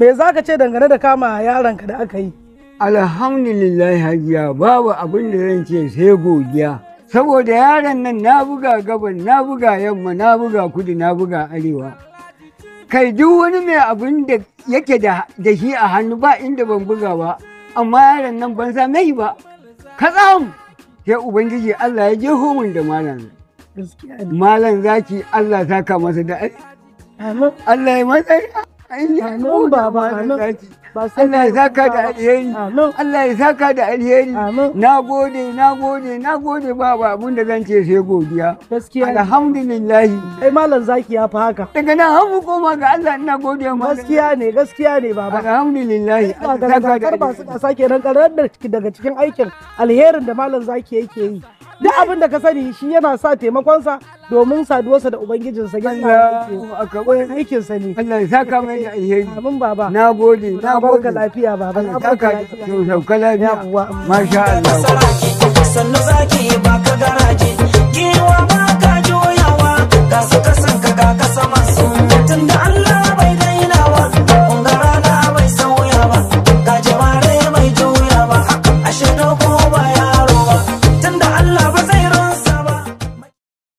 me za ka ce dangane da kama yaronka da aka yi alhamdulillah hajiya babu abin da zan ce sai godiya saboda yaron nan na buga gaban na buga yamma na buga kudu na buga arewa kai duk wani mai abin da yake da shi a hannu ba inda ban buga ba amma yaron nan ban same ba katsam sai ubangiji allah ya je homin da malam malam zaki allah saka masa da Allah ya matsayi Amin baba Allah ya saka da alheri. Allah ya saka da alheri. Na gode, na gode, na gode baba abin da zan ce sai godiya. Gaskiya. Alhamdulillah. Ai malam zaki ya fi haka. Daga nan har mu koma ga Allah ina gode ma. Gaskiya ne, gaskiya ne baba. Alhamdulillah. Allah ya saka da alheri. Ba sake nan karar daga cikin aikin alherin da malam zaki yake yi. Duk abin da ka sani shi yana sa taimakonsa domin saduwarsa da ubangijinsa aikin sa ne Allah ya saka mai da alheri amin baba na gode na lafiya baba ka ka lafiya sauka lafiya masha Allah